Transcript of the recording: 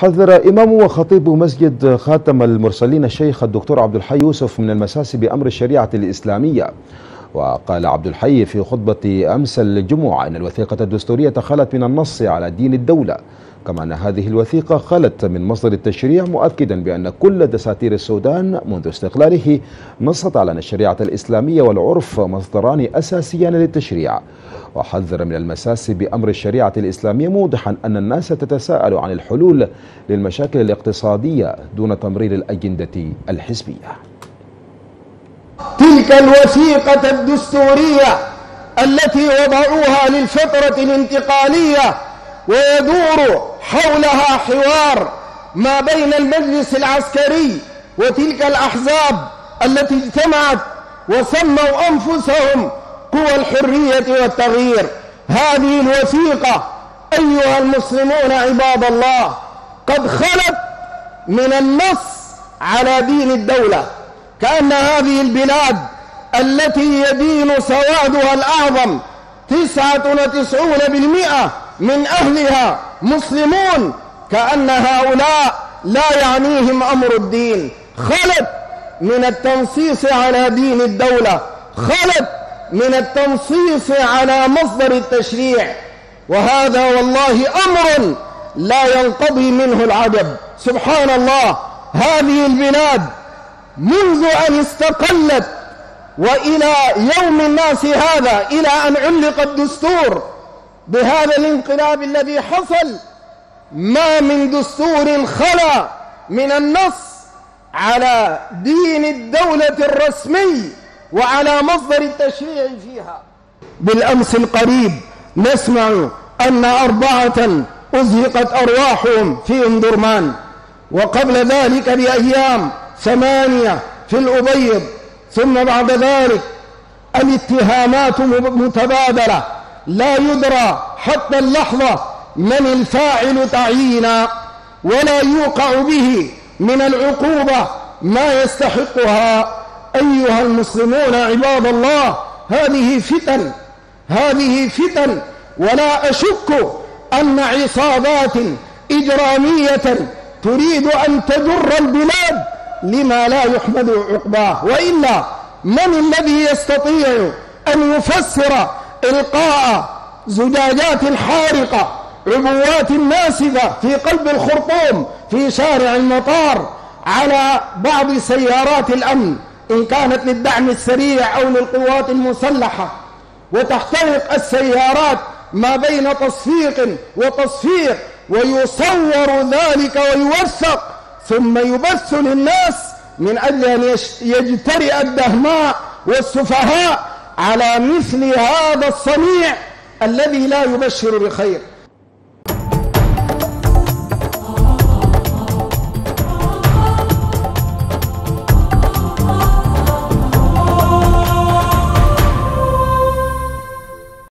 حذر إمام وخطيب مسجد خاتم المرسلين الشيخ الدكتور عبد الحي يوسف من المساس بأمر الشريعة الإسلامية وقال عبد الحي في خطبة أمس الجمعة أن الوثيقة الدستورية خلت من النص على دين الدولة كما أن هذه الوثيقة خلت من مصدر التشريع مؤكدا بأن كل دساتير السودان منذ استقلاله نصت على أن الشريعة الإسلامية والعرف مصدران أساسيان للتشريع وحذر من المساس بأمر الشريعة الإسلامية موضحا أن الناس تتساءل عن الحلول للمشاكل الاقتصادية دون تمرير الأجندة الحزبية تلك الوثيقة الدستورية التي وضعوها للفترة الانتقالية ويدور حولها حوار ما بين المجلس العسكري وتلك الأحزاب التي اجتمعت وسموا أنفسهم قوى الحرية والتغيير هذه الوثيقة أيها المسلمون عباد الله قد خلت من النص على دين الدولة كأن هذه البلاد التي يدين سوادها الأعظم تسعة وتسعون بالمئة من أهلها مسلمون كأن هؤلاء لا يعنيهم أمر الدين خلت من التنصيص على دين الدولة خلت من التنصيص على مصدر التشريع وهذا والله أمر لا ينقضي منه العجب سبحان الله هذه البلاد منذ أن استقلت وإلى يوم الناس هذا إلى أن علق الدستور بهذا الانقلاب الذي حصل ما من دستور خلا من النص على دين الدولة الرسمي وعلى مصدر التشريع فيها بالأمس القريب نسمع أن أربعة أزهقت أرواحهم في اندرمان وقبل ذلك بأيام ثمانية في الأبيض ثم بعد ذلك الاتهامات متبادلة لا يدرى حتى اللحظة من الفاعل تعيينا ولا يوقع به من العقوبة ما يستحقها أيها المسلمون عباد الله هذه فتن هذه فتن ولا أشك أن عصابات إجرامية تريد أن تجر البلاد لما لا يحمد عقباه وإلا من الذي يستطيع أن يفسر إلقاء زجاجات حارقة عبوات ناسفة في قلب الخرطوم في شارع المطار على بعض سيارات الأمن إن كانت للدعم السريع أو للقوات المسلحة وتحترق السيارات ما بين تصفيق وتصفيق ويصور ذلك ويوثق ثم يبث للناس من أجل أن يجترئ الدهماء والسفهاء على مثل هذا الصنيع الذي لا يبشر بخير